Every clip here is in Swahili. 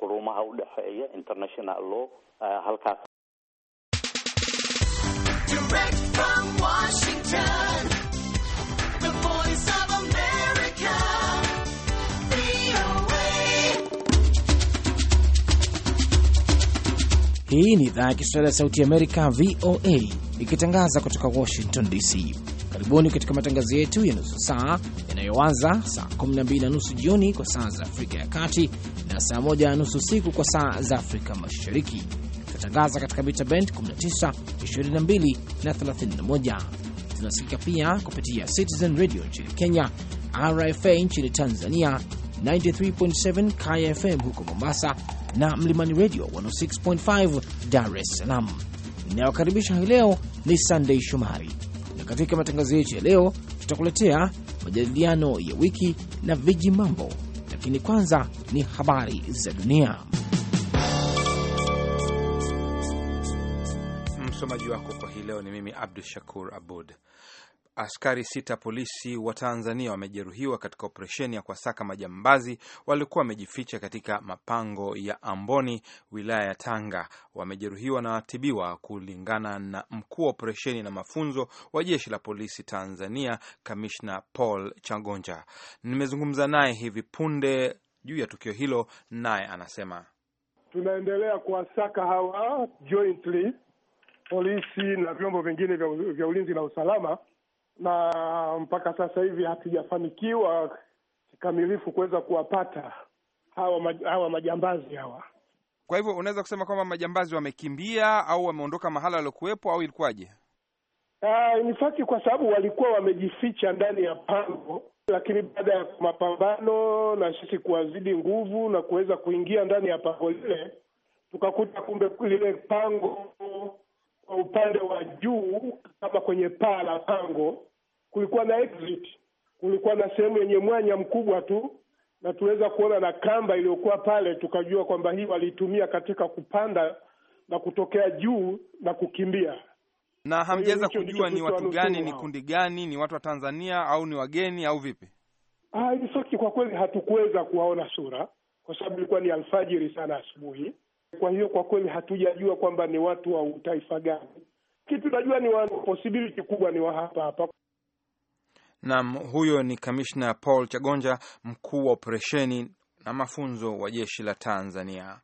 qurumaha udhexeeya international law eh, halkaas Hii ni idhaa ya Kiswahili ya Sauti Amerika, VOA, ikitangaza kutoka Washington DC. Karibuni katika matangazo yetu ya nusu saa yanayoanza saa 12 jioni kwa saa za Afrika ya Kati na saa 1:30 usiku kwa saa za Afrika Mashariki. Tunatangaza katika mita bend 19, 22 na 31. Tunasikika pia kupitia Citizen Radio nchini Kenya, RFA nchini Tanzania, 93.7 KFM huko Mombasa na Mlimani Radio 106.5 Dar es Salaam. Inayokaribisha hii leo ni Sunday Shomari, na katika matangazo yetu ya leo tutakuletea majadiliano ya wiki na viji mambo, lakini kwanza ni habari za dunia. Msomaji wako kwa hii leo ni mimi Abdu Shakur Abud. Askari sita polisi wa Tanzania wamejeruhiwa katika operesheni ya kuwasaka majambazi waliokuwa wamejificha katika mapango ya Amboni, wilaya ya Tanga. Wamejeruhiwa na watibiwa, kulingana na mkuu wa operesheni na mafunzo wa jeshi la polisi Tanzania, Kamishna Paul Chagonja. Nimezungumza naye hivi punde juu ya tukio hilo, naye anasema tunaendelea kuwasaka hawa jointly polisi na vyombo vingine vya ulinzi na usalama na mpaka sasa hivi hatujafanikiwa kikamilifu kuweza kuwapata hawa maj hawa majambazi hawa. Kwa hivyo unaweza kusema kwamba majambazi wamekimbia au wameondoka mahala waliokuwepo au ilikuwaje? Uh, ah, ni faki kwa sababu walikuwa wamejificha ndani ya pango, lakini baada ya mapambano na sisi kuwazidi nguvu na kuweza kuingia ndani ya pango lile, tukakuta kumbe lile pango kwa upande wa juu kama kwenye paa la pango kulikuwa na exit, kulikuwa na sehemu yenye mwanya mkubwa tu, na tuweza kuona na kamba iliyokuwa pale, tukajua kwamba hii waliitumia katika kupanda na kutokea juu na kukimbia. Na hamjaweza kujua ni watu gani, ni kundi gani, ni watu wa Tanzania au ni wageni au vipi? Ah, kwa kweli hatukuweza kuwaona sura kwa sababu ilikuwa ni alfajiri sana asubuhi. Kwa hiyo kwa kweli hatujajua kwamba ni watu wa utaifa gani, kitu tunajua ni wa possibility kubwa ni wa hapa hapa. Nam, huyo ni kamishna Paul Chagonja, mkuu wa operesheni na mafunzo wa jeshi la Tanzania.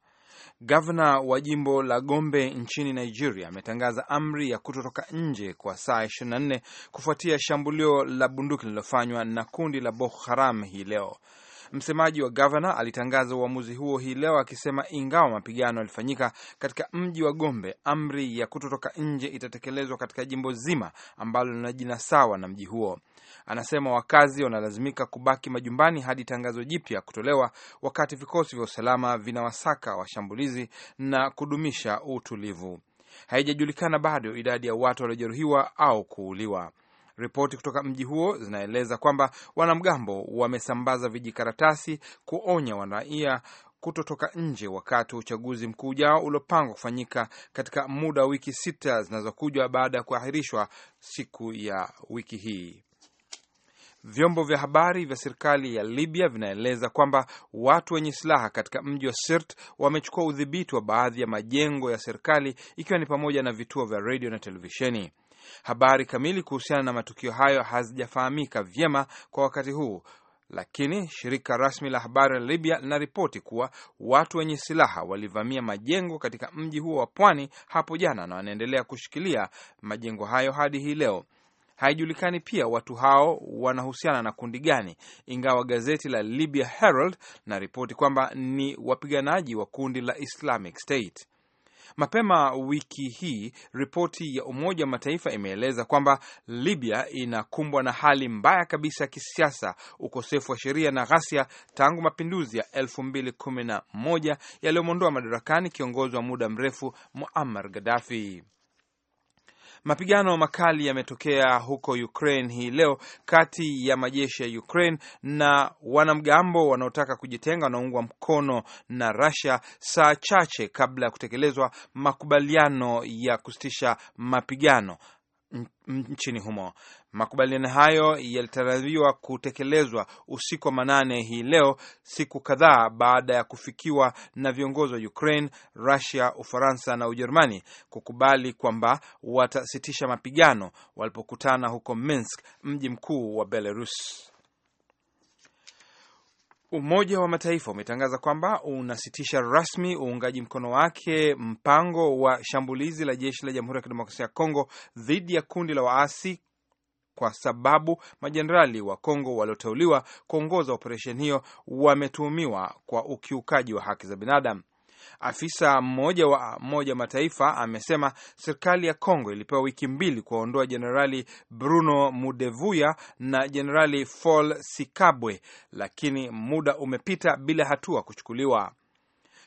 Gavana wa jimbo la Gombe nchini Nigeria ametangaza amri ya kutotoka nje kwa saa 24 kufuatia shambulio la bunduki lililofanywa na kundi la Boko Haram hii leo. Msemaji wa gavana alitangaza uamuzi huo hii leo akisema ingawa mapigano yalifanyika katika mji wa Gombe, amri ya kutotoka nje itatekelezwa katika jimbo zima ambalo lina jina sawa na mji huo. Anasema wakazi wanalazimika kubaki majumbani hadi tangazo jipya kutolewa, wakati vikosi vya usalama vinawasaka washambulizi na kudumisha utulivu. Haijajulikana bado idadi ya watu waliojeruhiwa au kuuliwa. Ripoti kutoka mji huo zinaeleza kwamba wanamgambo wamesambaza vijikaratasi kuonya wanaia kutotoka nje wakati wa uchaguzi mkuu ujao uliopangwa kufanyika katika muda wa wiki sita zinazokujwa baada ya kuahirishwa siku ya wiki hii. Vyombo vya habari vya serikali ya Libya vinaeleza kwamba watu wenye silaha katika mji wa Sirt wamechukua udhibiti wa baadhi ya majengo ya serikali ikiwa ni pamoja na vituo vya redio na televisheni. Habari kamili kuhusiana na matukio hayo hazijafahamika vyema kwa wakati huu, lakini shirika rasmi la habari la Libya linaripoti kuwa watu wenye silaha walivamia majengo katika mji huo wa pwani hapo jana na wanaendelea kushikilia majengo hayo hadi hii leo. Haijulikani pia watu hao wanahusiana na kundi gani, ingawa gazeti la Libya Herald ripoti kwamba ni wapiganaji wa kundi la Islamic State. Mapema wiki hii ripoti ya Umoja wa Mataifa imeeleza kwamba Libya inakumbwa na hali mbaya kabisa ya kisiasa, ukosefu wa sheria na ghasia tangu mapinduzi ya 2011 yaliyomwondoa madarakani kiongozi wa muda mrefu Muammar Gaddafi. Mapigano makali yametokea huko Ukraine hii leo kati ya majeshi ya Ukraine na wanamgambo wanaotaka kujitenga wanaungwa mkono na Russia, saa chache kabla ya kutekelezwa makubaliano ya kusitisha mapigano nchini humo. Makubaliano hayo yalitarajiwa kutekelezwa usiku wa manane hii leo, siku kadhaa baada ya kufikiwa na viongozi wa Ukraine, Russia, Ufaransa na Ujerumani kukubali kwamba watasitisha mapigano walipokutana huko Minsk, mji mkuu wa Belarus. Umoja wa Mataifa umetangaza kwamba unasitisha rasmi uungaji mkono wake mpango wa shambulizi la jeshi la Jamhuri ya Kidemokrasia ya Kongo dhidi ya kundi la waasi kwa sababu majenerali wa Kongo walioteuliwa kuongoza operesheni hiyo wametuhumiwa kwa ukiukaji wa haki za binadamu. Afisa mmoja wa Umoja Mataifa amesema serikali ya Kongo ilipewa wiki mbili kuwaondoa Jenerali Bruno Mudevuya na Jenerali fol Sikabwe, lakini muda umepita bila hatua kuchukuliwa.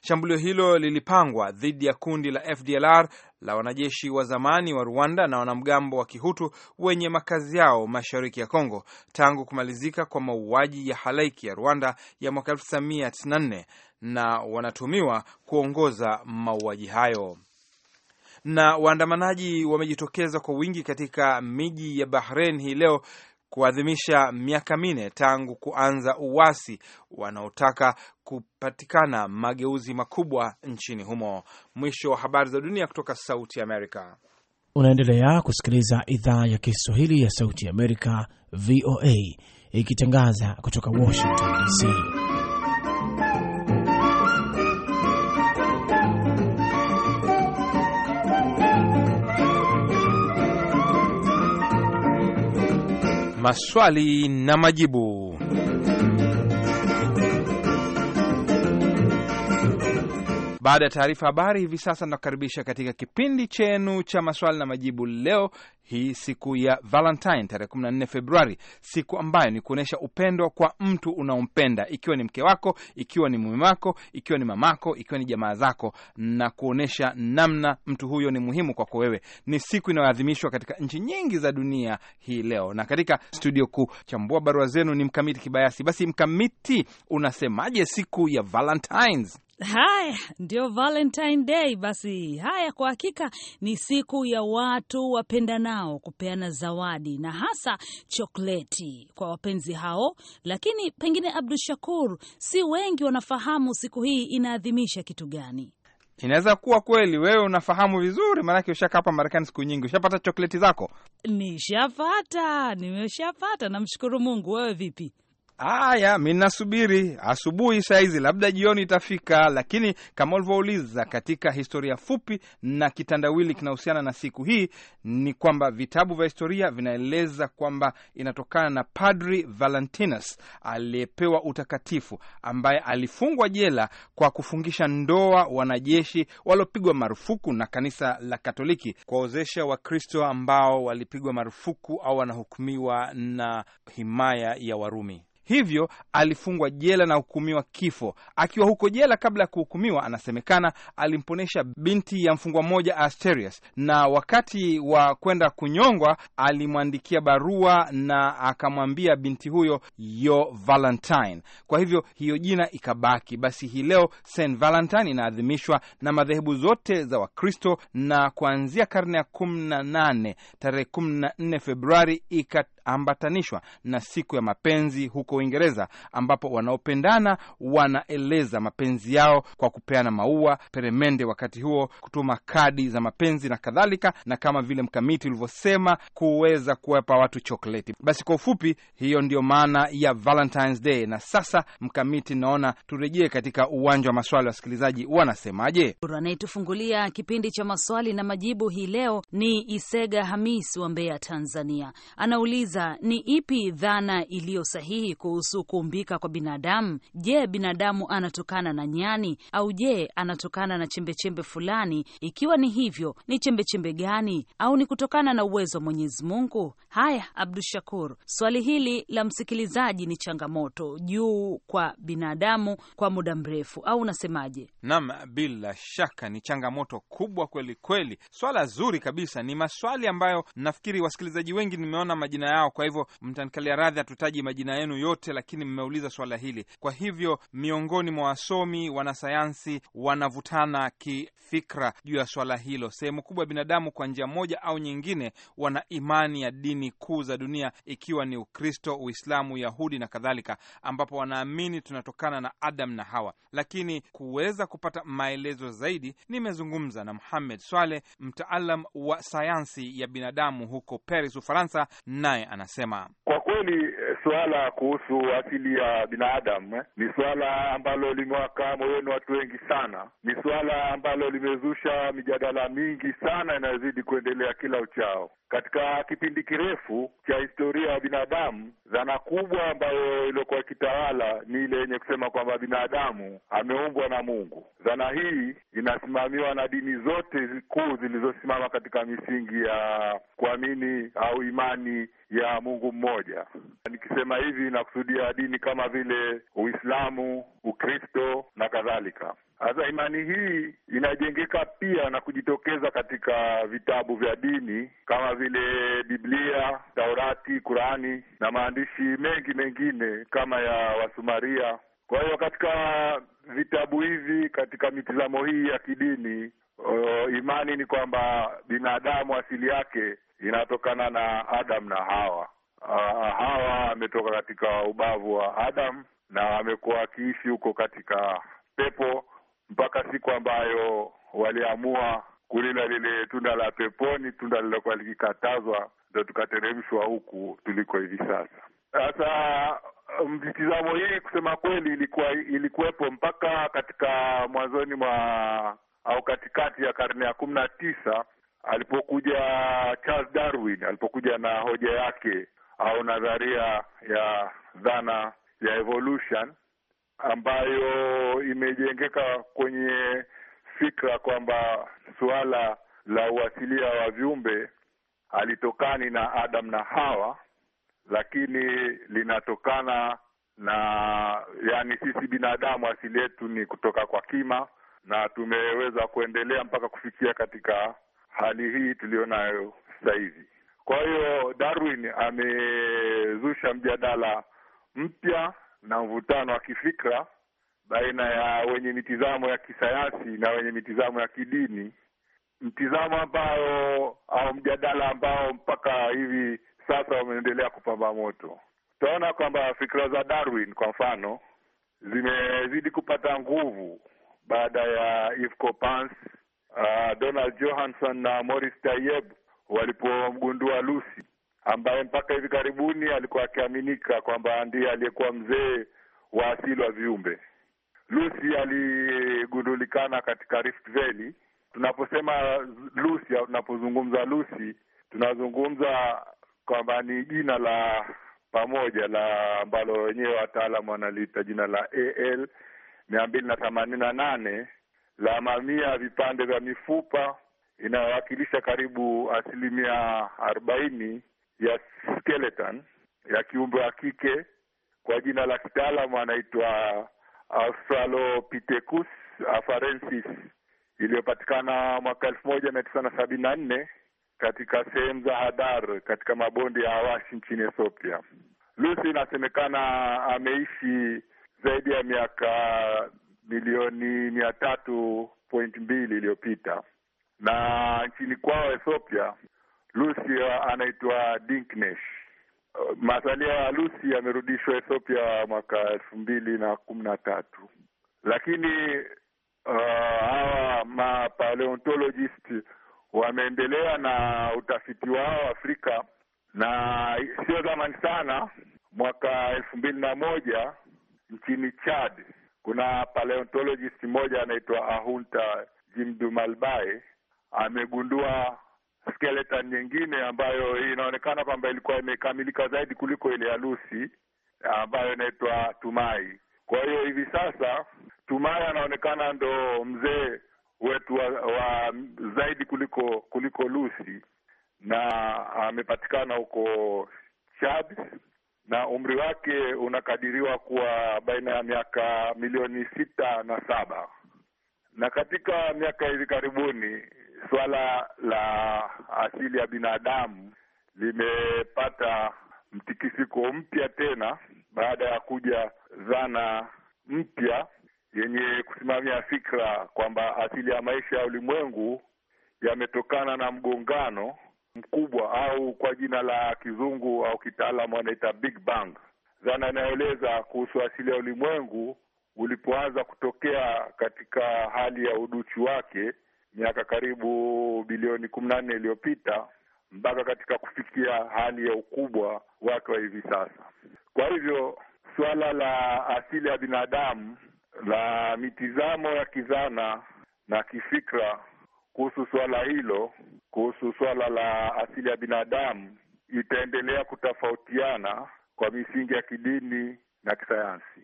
Shambulio hilo lilipangwa dhidi ya kundi la FDLR la wanajeshi wa zamani wa Rwanda na wanamgambo wa Kihutu wenye makazi yao mashariki ya Kongo tangu kumalizika kwa mauaji ya halaiki ya Rwanda ya mwaka 1994 na wanatumiwa kuongoza mauaji hayo na waandamanaji wamejitokeza kwa wingi katika miji ya Bahrain hii leo kuadhimisha miaka minne tangu kuanza uwasi wanaotaka kupatikana mageuzi makubwa nchini humo. Mwisho wa habari za dunia kutoka Sauti Amerika. Unaendelea kusikiliza idhaa ya Kiswahili ya Sauti Amerika, VOA, ikitangaza kutoka Washington DC. maswali na majibu. Baada ya taarifa habari, hivi sasa nakaribisha katika kipindi chenu cha maswali na majibu. Leo hii siku ya Valentine, tarehe 14 Februari, siku ambayo ni kuonyesha upendo kwa mtu unaompenda, ikiwa ni mke wako, ikiwa ni mume wako, ikiwa ni mamako, ikiwa ni jamaa zako, na kuonyesha namna mtu huyo ni muhimu kwako wewe. Ni siku inayoadhimishwa katika nchi nyingi za dunia hii leo, na katika studio kuchambua barua zenu ni Mkamiti Kibayasi. Basi Mkamiti, unasemaje siku ya Valentines? Haya ndio Valentine Day. Basi haya, kwa hakika ni siku ya watu wapenda nao kupeana zawadi na hasa chokleti kwa wapenzi hao, lakini pengine Abdu Shakur, si wengi wanafahamu siku hii inaadhimisha kitu gani. Inaweza kuwa kweli wewe unafahamu vizuri, maanake ushakaa hapa Marekani siku nyingi, ushapata chokleti zako. Nishapata, nimeshapata, namshukuru Mungu. Wewe vipi? Aya, mi nasubiri asubuhi hizi, labda jioni itafika. Lakini kama ulivyouliza, katika historia fupi na kitandawili kinahusiana na siku hii, ni kwamba vitabu vya historia vinaeleza kwamba inatokana na Padri Valentinus aliyepewa utakatifu, ambaye alifungwa jela kwa kufungisha ndoa wanajeshi waliopigwa marufuku na kanisa la Katoliki, kuwaozesha Wakristo ambao walipigwa marufuku au wanahukumiwa na himaya ya Warumi. Hivyo alifungwa jela na hukumiwa kifo. Akiwa huko jela, kabla ya kuhukumiwa, anasemekana alimponesha binti ya mfungwa mmoja Asterius, na wakati wa kwenda kunyongwa alimwandikia barua na akamwambia binti huyo yo Valentine. Kwa hivyo hiyo jina ikabaki. Basi hii leo st Valentine inaadhimishwa na madhehebu zote za Wakristo, na kuanzia karne ya kumi na nane tarehe kumi na nne Februari ikat ambatanishwa na siku ya mapenzi huko Uingereza, ambapo wanaopendana wanaeleza mapenzi yao kwa kupeana maua, peremende, wakati huo kutuma kadi za mapenzi na kadhalika, na kama vile mkamiti ulivyosema kuweza kuwapa watu chokoleti. Basi kwa ufupi, hiyo ndiyo maana ya Valentine's Day. Na sasa mkamiti, naona turejee katika uwanja wa maswali ya wasikilizaji, wanasemaje? Anayetufungulia kipindi cha maswali na majibu hii leo ni Isega Hamis wa Mbeya, Tanzania. Anauliza kuuliza ni ipi dhana iliyo sahihi kuhusu kuumbika kwa binadamu? Je, binadamu anatokana na nyani au je anatokana na chembechembe fulani? Ikiwa ni hivyo, ni chembechembe gani au ni kutokana na uwezo wa Mwenyezi Mungu? Haya, Abdu Shakur, swali hili la msikilizaji ni changamoto juu kwa binadamu kwa muda mrefu, au unasemaje? Naam, bila shaka ni changamoto kubwa kweli kweli. Swala zuri kabisa, ni maswali ambayo nafikiri wasikilizaji wengi nimeona majina yao yao. Kwa hivyo mtanikalia radhi, hatutaji majina yenu yote, lakini mmeuliza swala hili. Kwa hivyo miongoni mwa wasomi, wanasayansi wanavutana kifikra juu ya swala hilo. Sehemu kubwa ya binadamu kwa njia moja au nyingine wana imani ya dini kuu za dunia, ikiwa ni Ukristo, Uislamu, yahudi na kadhalika, ambapo wanaamini tunatokana na Adam na Hawa. Lakini kuweza kupata maelezo zaidi, nimezungumza na Muhamed Swaleh, mtaalam wa sayansi ya binadamu huko Paris, Ufaransa, naye anasema kwa kweli eh, suala kuhusu asili ya binadamu eh, ni suala ambalo limewaka moyoni watu wengi sana. Ni suala ambalo limezusha mijadala mingi sana inayozidi kuendelea kila uchao. Katika kipindi kirefu cha historia ya binadamu, dhana kubwa ambayo iliyokuwa ikitawala ni ile yenye kusema kwamba binadamu ameumbwa na Mungu. Dhana hii inasimamiwa na dini zote kuu zilizosimama katika misingi ya kuamini au imani ya Mungu mmoja. Nikisema hivi nakusudia dini kama vile Uislamu, Ukristo na kadhalika. Sasa imani hii inajengeka pia na kujitokeza katika vitabu vya dini kama vile Biblia, Taurati, Kurani na maandishi mengi mengine kama ya Wasumaria. Kwa hiyo katika vitabu hivi, katika mitazamo hii ya kidini, o, uh, imani ni kwamba binadamu asili yake inatokana na Adam na Hawa. Uh, Hawa ametoka katika ubavu wa Adam na amekuwa akiishi huko katika pepo mpaka siku ambayo waliamua kulila lile tunda la peponi, tunda lilokuwa likikatazwa, ndo tukateremshwa huku tuliko hivi sasa. Sasa um, mtizamo hii kusema kweli ilikuwa ilikuwepo mpaka katika mwanzoni mwa au katikati ya karne ya kumi na tisa alipokuja Charles Darwin, alipokuja na hoja yake au nadharia ya dhana ya evolution ambayo imejengeka kwenye fikra kwamba suala la uasilia wa viumbe alitokani na Adam na Hawa, lakini linatokana na yani, sisi binadamu asili yetu ni kutoka kwa kima, na tumeweza kuendelea mpaka kufikia katika hali hii tuliyonayo sasa hivi. Kwa hiyo Darwin amezusha mjadala mpya na mvutano wa kifikra baina ya wenye mitizamo ya kisayansi na wenye mitizamo ya kidini, mtizamo ambao au mjadala ambao mpaka hivi sasa umeendelea kupamba moto. Tutaona kwamba fikra za Darwin kwa mfano zimezidi kupata nguvu baada ya Yves Coppens uh, Donald Johansson na Morris Tayeb walipomgundua Lucy ambaye mpaka hivi karibuni alikuwa akiaminika kwamba ndiye aliyekuwa mzee wa asili wa viumbe. Lucy aligundulikana katika Rift Valley. Tunaposema Lucy au tunapozungumza Lucy, tunazungumza kwamba ni jina la pamoja la ambalo wenyewe wataalamu wanaliita jina la AL mia mbili na themanini na nane la mamia ya vipande vya mifupa inayowakilisha karibu asilimia arobaini ya skeleton ya kiumbe wa kike. Kwa jina la kitaalamu anaitwa Australopithecus afarensis, iliyopatikana mwaka elfu moja mia tisa na sabini na nne katika sehemu za Hadar katika mabonde ya Awashi nchini Ethiopia. Lucy inasemekana ameishi zaidi ya miaka milioni mia tatu point mbili iliyopita, na nchini kwao Ethiopia Lucy anaitwa Dinknesh. Uh, Masalia ya Lucy yamerudishwa Ethiopia mwaka elfu mbili na kumi na tatu, lakini uh, hawa mapaleontologist wameendelea na utafiti wao Afrika, na sio zamani sana, mwaka elfu mbili na moja nchini Chad kuna paleontologist mmoja anaitwa Ahunta jimdumalbae amegundua skeleton nyingine ambayo inaonekana kwamba ilikuwa imekamilika zaidi kuliko ile ya Lucy ambayo inaitwa Tumai. Kwa hiyo hivi sasa Tumai anaonekana ndo mzee wetu wa, wa zaidi kuliko kuliko Lucy na amepatikana huko Chad na umri wake unakadiriwa kuwa baina ya miaka milioni sita na saba. Na katika miaka hivi karibuni suala la asili ya binadamu limepata mtikisiko mpya tena baada ya kuja dhana mpya yenye kusimamia fikra kwamba asili ya maisha ya ulimwengu yametokana na mgongano mkubwa au kwa jina la kizungu au kitaalamu wanaita big bang, dhana inaeleza kuhusu asili ya ulimwengu ulipoanza kutokea katika hali ya uduchi wake miaka karibu bilioni kumi na nne iliyopita mpaka katika kufikia hali ya ukubwa wake wa hivi sasa. Kwa hivyo suala la asili ya binadamu la mitizamo ya kizana na kifikra kuhusu suala hilo kuhusu swala la asili ya binadamu itaendelea kutofautiana kwa misingi ya kidini na kisayansi,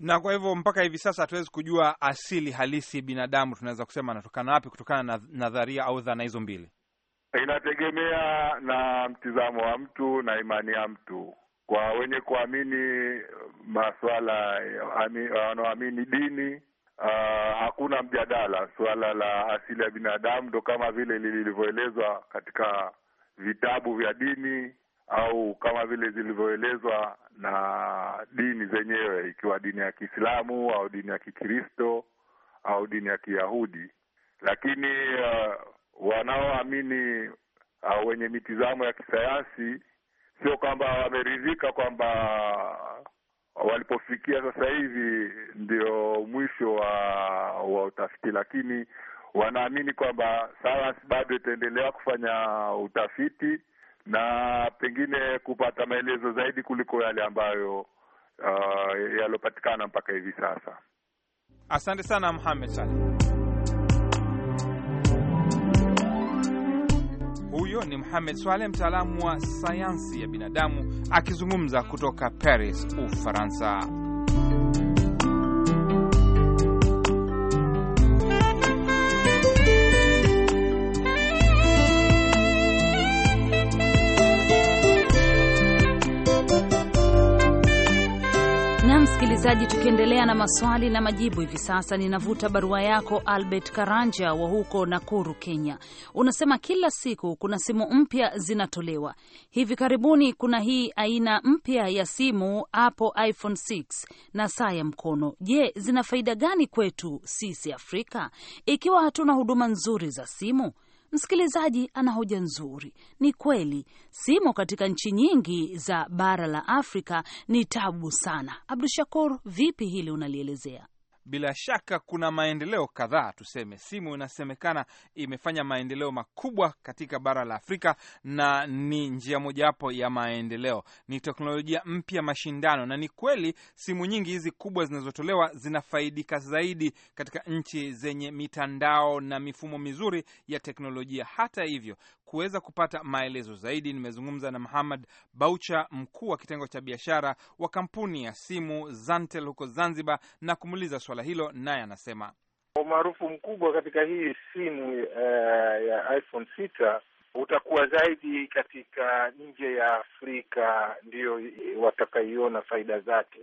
na kwa hivyo mpaka hivi sasa hatuwezi kujua asili halisi binadamu tunaweza kusema anatokana wapi, kutokana na nadharia au dhana hizo mbili. Inategemea na mtizamo wa mtu na imani ya mtu. Kwa wenye kuamini masuala eh, wanaoamini dini Ah, hakuna mjadala. Suala la asili ya binadamu ndo kama vile lilivyoelezwa katika vitabu vya dini au kama vile zilivyoelezwa na dini zenyewe, ikiwa dini ya Kiislamu au dini ya Kikristo au dini ya Kiyahudi. Lakini uh, wanaoamini uh, wenye mitizamo ya kisayansi sio kwamba wameridhika kwamba walipofikia sasa hivi ndio mwisho wa wa utafiti, lakini wanaamini kwamba sayansi bado itaendelea kufanya utafiti na pengine kupata maelezo zaidi kuliko yale ambayo uh, yaliyopatikana mpaka hivi sasa. Asante sana Mohamed Saleh. Huyo ni Mohamed Swaleh, mtaalamu wa sayansi ya binadamu akizungumza kutoka Paris, Ufaransa. Msikilizaji, tukiendelea na maswali na majibu, hivi sasa ninavuta barua yako Albert Karanja wa huko Nakuru, Kenya. Unasema kila siku kuna simu mpya zinatolewa. Hivi karibuni kuna hii aina mpya ya simu hapo iPhone 6 na saa ya mkono. Je, zina faida gani kwetu sisi Afrika ikiwa hatuna huduma nzuri za simu? Msikilizaji ana hoja nzuri. Ni kweli simo katika nchi nyingi za bara la Afrika ni tabu sana. Abdu Shakur, vipi hili unalielezea? bila shaka kuna maendeleo kadhaa tuseme. Simu inasemekana imefanya maendeleo makubwa katika bara la Afrika na ni njia mojawapo ya maendeleo, ni teknolojia mpya, mashindano. Na ni kweli simu nyingi hizi kubwa zinazotolewa zinafaidika zaidi katika nchi zenye mitandao na mifumo mizuri ya teknolojia. Hata hivyo, Kuweza kupata maelezo zaidi, nimezungumza na Muhammad Baucha, mkuu wa kitengo cha biashara wa kampuni ya simu Zantel huko Zanzibar, na kumuuliza swala hilo, naye anasema umaarufu mkubwa katika hii simu uh, ya iPhone sita utakuwa zaidi katika nje ya Afrika, ndiyo watakaiona faida zake,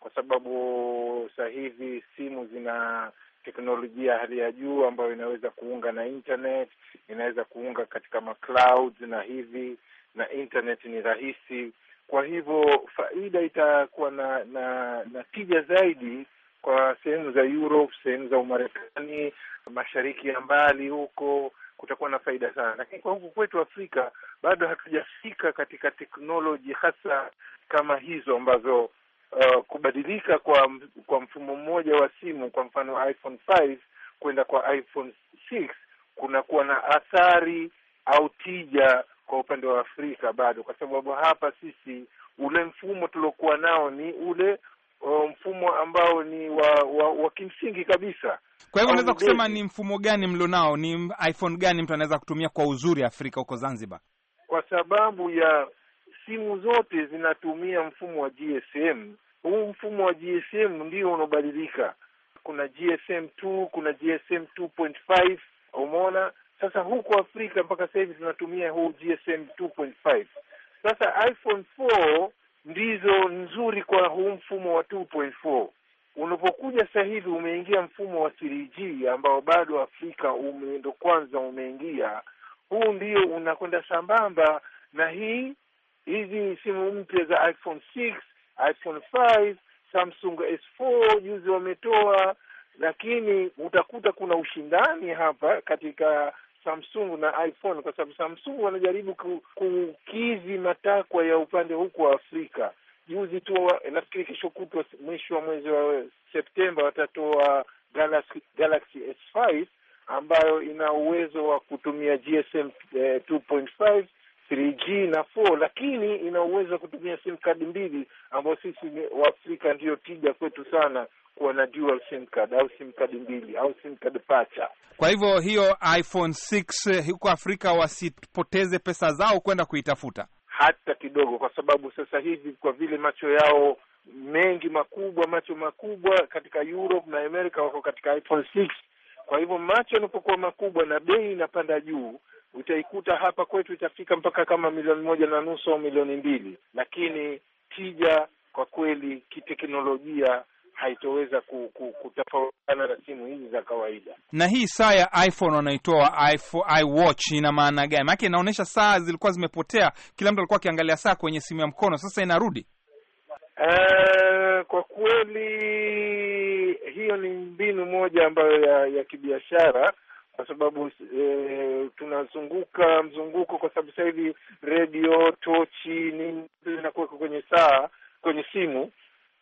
kwa sababu sasa hivi simu zina teknolojia ya hali ya juu ambayo inaweza kuunga na internet, inaweza kuunga katika maclouds na hivi, na internet ni rahisi. Kwa hivyo faida itakuwa na na, na tija zaidi kwa sehemu za Europe, sehemu za Umarekani, mashariki ya mbali huko kutakuwa na faida sana, lakini kwa huku kwetu Afrika bado hatujafika katika teknoloji hasa kama hizo ambazo uh, kubadilika kwa kwa mfumo mmoja wa simu, kwa mfano iPhone 5 kwenda kwa iPhone 6 kunakuwa na athari au tija kwa upande wa Afrika bado, kwa sababu hapa sisi ule mfumo tuliokuwa nao ni ule uh, mfumo ambao ni wa, wa, wa kimsingi kabisa. Kwa hivyo unaweza kusema ni mfumo gani nao, ni iPhone gani mtu anaweza kutumia kwa uzuri Afrika huko Zanzibar, kwa sababu ya simu zote zinatumia mfumo wa GSM. Huu mfumo wa GSM ndio unaobadilika. Kuna GSM 2 kuna GSM 2.5 umeona. Sasa huko Afrika mpaka sasa hivi tunatumia huu GSM 2.5. Sasa iPhone 4 ndizo nzuri kwa huu mfumo wa 2.4. Unapokuja sasa hivi umeingia mfumo wa 3G ambao bado Afrika umeendo kwanza umeingia. Huu ndio unakwenda sambamba na hii hizi simu mpya za iPhone 6, iPhone 5, Samsung S4 juzi wametoa, lakini utakuta kuna ushindani hapa katika Samsung na iPhone kwa sababu Samsung wanajaribu kukizi matakwa ya upande huku wa Afrika. Juzi tu nafikiri, kesho kutwa, mwisho wa mwezi wa Septemba watatoa Galaxy, Galaxy S5 ambayo ina uwezo wa kutumia GSM eh, 2.5 3G 4 lakini ina uwezo wa kutumia sim kadi mbili, ambayo sisi afrika ndiyo tija kwetu sana kuwa na dual sim card au sim card mbili au sim card pacha. Kwa hivyo hiyo iPhone 6 eh, huko Afrika wasipoteze pesa zao kwenda kuitafuta hata kidogo, kwa sababu sasa hivi kwa vile macho yao mengi makubwa, macho makubwa katika Europe na Amerika wako katika iPhone 6. Kwa hivyo macho yanapokuwa makubwa na bei inapanda juu, utaikuta hapa kwetu itafika mpaka kama milioni moja na nusu au milioni mbili, lakini tija kwa kweli kiteknolojia haitoweza ku, ku, na simu hizi za kawaida. Na hii saa ya iPhone wanaitoa iWatch ina maana gani? Maanake inaonyesha saa zilikuwa zimepotea, kila mtu alikuwa akiangalia saa kwenye simu ya mkono, sasa inarudi. Uh, kwa kweli hiyo ni mbinu moja ambayo ya, ya kibiashara kwa sababu e, tunazunguka mzunguko, kwa sababu sasa hivi redio, tochi, nini zinakuweka kwenye saa, kwenye simu.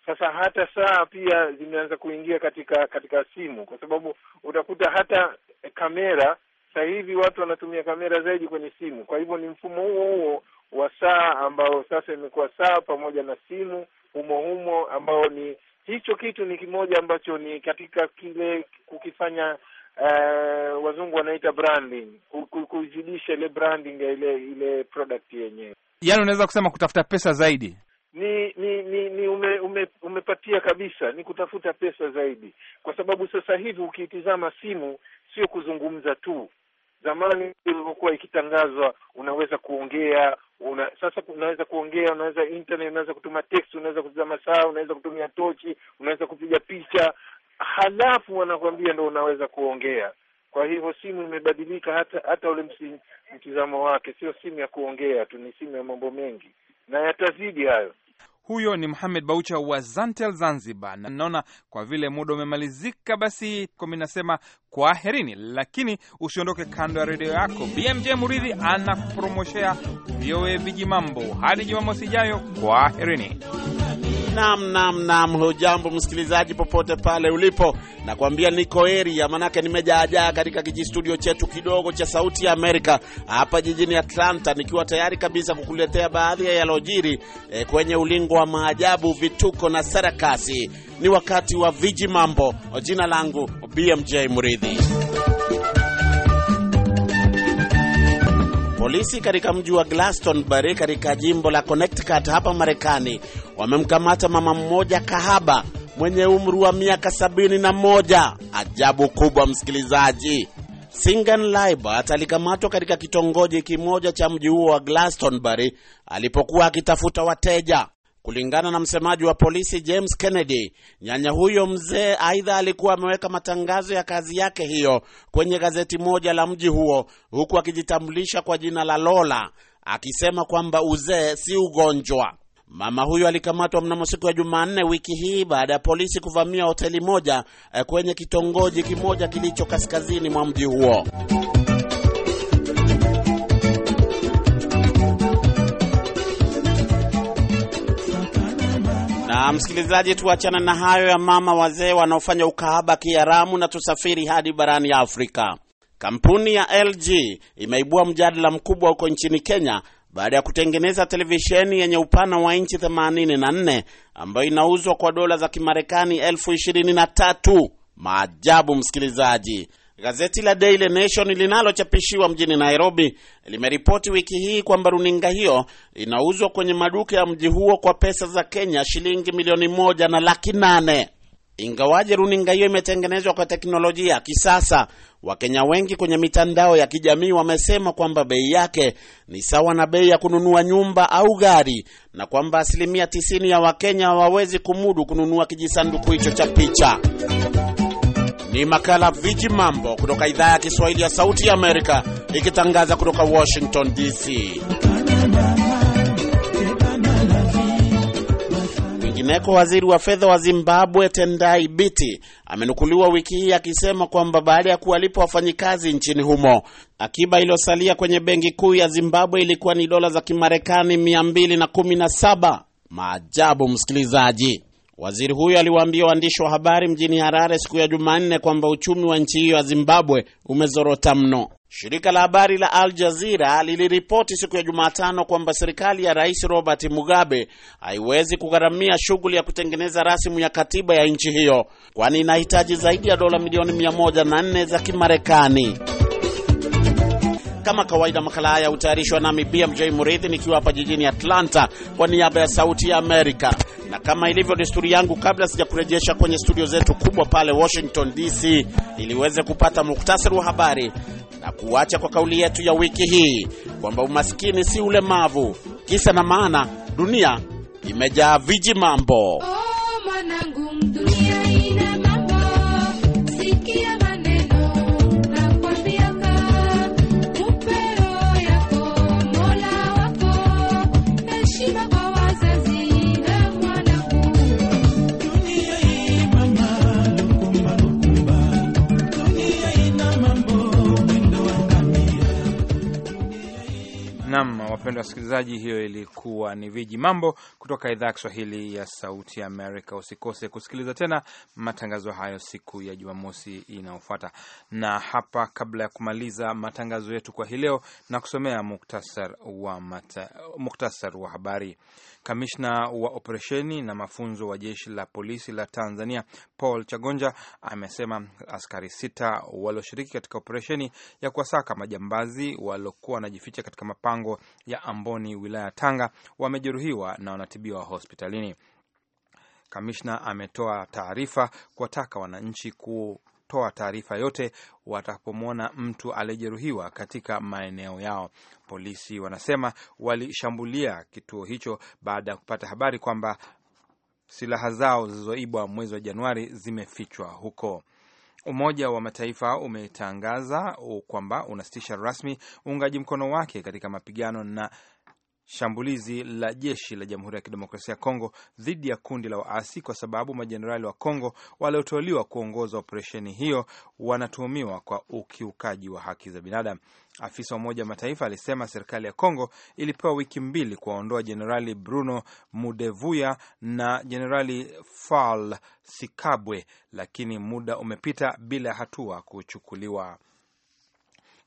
Sasa hata saa pia zimeanza kuingia katika katika simu, kwa sababu utakuta hata kamera sasa hivi watu wanatumia kamera zaidi kwenye simu. Kwa hivyo ni mfumo huo huo wa saa ambao sasa imekuwa saa pamoja na simu humo humo, ambao ni hicho kitu ni kimoja ambacho ni katika kile kukifanya uh, wazungu wanaita branding, kuzidisha ile branding ya ile ile product yenyewe. yani unaweza kusema kutafuta pesa zaidi ni ni ni, ni ume, ume, umepatia kabisa, ni kutafuta pesa zaidi, kwa sababu sasa hivi ukiitizama simu sio kuzungumza tu. Zamani ilivyokuwa ikitangazwa, unaweza kuongea una, sasa unaweza kuongea, unaweza internet, unaweza kutuma text, unaweza kutizama saa, unaweza kutumia tochi, unaweza kupiga picha, halafu wanakuambia ndo unaweza kuongea. Kwa hivyo simu imebadilika, hata hata ule mtizamo wake, sio simu ya kuongea tu, ni simu ya mambo mengi na yatazidi hayo. Huyo ni muhamed Baucha wa Zantel, Zanzibar. Na naona kwa vile muda umemalizika, basi kumi nasema kwa herini lakini usiondoke kando ya redio yako. BMJ Muridhi anapromoshea viji mambo Hadi Jumamosi ijayo, kwa kwaherini. Nam, nam, nam. Hujambo msikilizaji, popote pale ulipo, nakwambia niko eria, manake nimejaajaa katika kijistudio chetu kidogo cha Sauti ya Amerika hapa jijini Atlanta, nikiwa tayari kabisa kukuletea baadhi ya yalojiri eh, kwenye ulingo wa maajabu, vituko na sarakasi. Ni wakati wa viji mambo. Jina langu BMJ Muridhi. Polisi katika mji wa Glastonbury katika jimbo la Connecticut hapa Marekani wamemkamata mama mmoja kahaba mwenye umri wa miaka sabini na moja. Ajabu kubwa, msikilizaji. Singan Libert alikamatwa katika kitongoji kimoja cha mji huo wa Glastonbury alipokuwa akitafuta wateja. Kulingana na msemaji wa polisi James Kennedy, nyanya huyo mzee aidha alikuwa ameweka matangazo ya kazi yake hiyo kwenye gazeti moja la mji huo, huku akijitambulisha kwa jina la Lola akisema kwamba uzee si ugonjwa. Mama huyo alikamatwa mnamo siku ya Jumanne wiki hii baada ya polisi kuvamia hoteli moja eh, kwenye kitongoji kimoja kilicho kaskazini mwa mji huo. Msikilizaji, tuachana na hayo ya mama wazee wanaofanya ukahaba kiharamu na tusafiri hadi barani ya Afrika. Kampuni ya LG imeibua mjadala mkubwa huko nchini Kenya baada ya kutengeneza televisheni yenye upana wa inchi 84 ambayo inauzwa kwa dola za Kimarekani elfu ishirini na tatu. Maajabu, msikilizaji. Gazeti la Daily Nation linalochapishiwa mjini Nairobi limeripoti wiki hii kwamba runinga hiyo inauzwa kwenye maduka ya mji huo kwa pesa za Kenya shilingi milioni moja na laki nane. Ingawaje runinga hiyo imetengenezwa kwa teknolojia ya kisasa, Wakenya wengi kwenye mitandao ya kijamii wamesema kwamba bei yake ni sawa na bei ya kununua nyumba au gari na kwamba asilimia 90 ya Wakenya hawawezi kumudu kununua kijisanduku hicho cha picha. Ni makala Viji Mambo kutoka idhaa ya Kiswahili ya Sauti ya Amerika ikitangaza kutoka Washington DC. Kwingineko, waziri wa fedha wa Zimbabwe Tendai Biti amenukuliwa wiki hii akisema kwamba baada ya kuwalipa wafanyikazi nchini humo, akiba iliyosalia kwenye benki kuu ya Zimbabwe ilikuwa ni dola za Kimarekani 217. Maajabu, msikilizaji. Waziri huyo aliwaambia waandishi wa habari mjini Harare siku ya Jumanne kwamba uchumi wa nchi hiyo ya Zimbabwe umezorota mno. Shirika la habari la Al Jazeera liliripoti siku ya Jumatano kwamba serikali ya Rais Robert Mugabe haiwezi kugharamia shughuli ya kutengeneza rasimu ya katiba ya nchi hiyo kwani inahitaji zaidi ya dola milioni 104 za Kimarekani. Kama kawaida, makala haya hutayarishwa nami BMJ Murithi nikiwa hapa jijini Atlanta kwa niaba ya Sauti ya Amerika kama ilivyo desturi yangu, kabla sijakurejesha kwenye studio zetu kubwa pale Washington DC, iliweze kupata muktasari wa habari na kuacha kwa kauli yetu ya wiki hii kwamba umaskini si ulemavu. Kisa na maana, dunia imejaa viji mambo. wapendwa wasikilizaji, hiyo ilikuwa ni viji mambo kutoka idhaa ya Kiswahili ya Sauti ya Amerika. Usikose kusikiliza tena matangazo hayo siku ya Jumamosi inayofuata. Na hapa, kabla ya kumaliza matangazo yetu kwa hii leo, na kusomea muktasar wa, mata, muktasar wa habari. Kamishna wa operesheni na mafunzo wa jeshi la polisi la Tanzania Paul Chagonja amesema askari sita walioshiriki katika operesheni ya kuwasaka majambazi waliokuwa wanajificha katika mapango ya Amboni wilaya ya Tanga wamejeruhiwa na wanatibiwa wanatibiwa hospitalini. Kamishna ametoa taarifa kuwataka wananchi kutoa taarifa yote watapomwona mtu aliyejeruhiwa katika maeneo yao. Polisi wanasema walishambulia kituo hicho baada ya kupata habari kwamba silaha zao zilizoibwa mwezi wa Januari zimefichwa huko. Umoja wa Mataifa umetangaza kwamba unasitisha rasmi uungaji mkono wake katika mapigano na shambulizi la jeshi la Jamhuri ya Kidemokrasia ya Kongo dhidi ya kundi la waasi, kwa sababu majenerali wa Kongo walioteuliwa kuongoza operesheni hiyo wanatuhumiwa kwa ukiukaji wa haki za binadamu. Afisa wa Umoja wa Mataifa alisema serikali ya Kongo ilipewa wiki mbili kuwaondoa Jenerali Bruno Mudevuya na Jenerali Fal Sikabwe, lakini muda umepita bila hatua kuchukuliwa.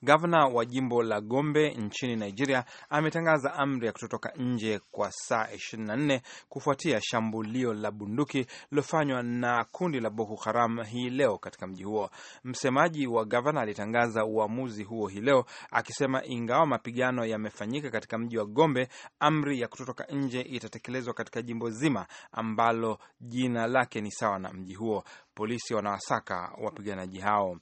Gavana wa jimbo la Gombe nchini Nigeria ametangaza amri ya kutotoka nje kwa saa 24 kufuatia shambulio la bunduki lilofanywa na kundi la Boko Haram hii leo katika mji huo. Msemaji wa gavana alitangaza uamuzi huo hii leo akisema, ingawa mapigano yamefanyika katika mji wa Gombe, amri ya kutotoka nje itatekelezwa katika jimbo zima ambalo jina lake ni sawa na mji huo. Polisi wanawasaka wapiganaji hao.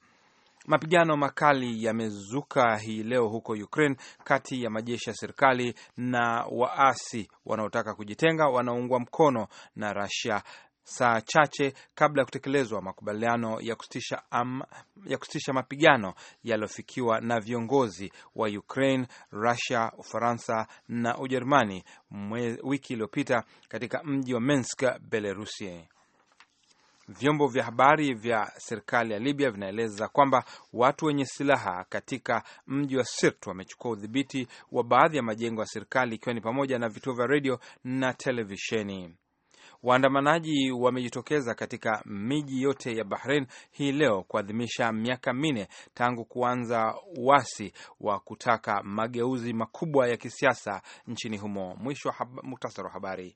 Mapigano makali yamezuka hii leo huko Ukraine kati ya majeshi ya serikali na waasi wanaotaka kujitenga wanaoungwa mkono na Russia saa chache kabla ya kutekelezwa makubaliano ya kusitisha, am, ya kusitisha mapigano yaliyofikiwa na viongozi wa Ukraine, Russia, Ufaransa na Ujerumani wiki iliyopita katika mji wa Minsk, Belarusi. Vyombo vya habari vya serikali ya Libya vinaeleza kwamba watu wenye silaha katika mji wa sirt wamechukua udhibiti wa baadhi ya majengo ya serikali ikiwa ni pamoja na vituo vya redio na televisheni. Waandamanaji wamejitokeza katika miji yote ya Bahrain hii leo kuadhimisha miaka minne tangu kuanza uasi wa kutaka mageuzi makubwa ya kisiasa nchini humo. Mwisho wa muktasari wa habari.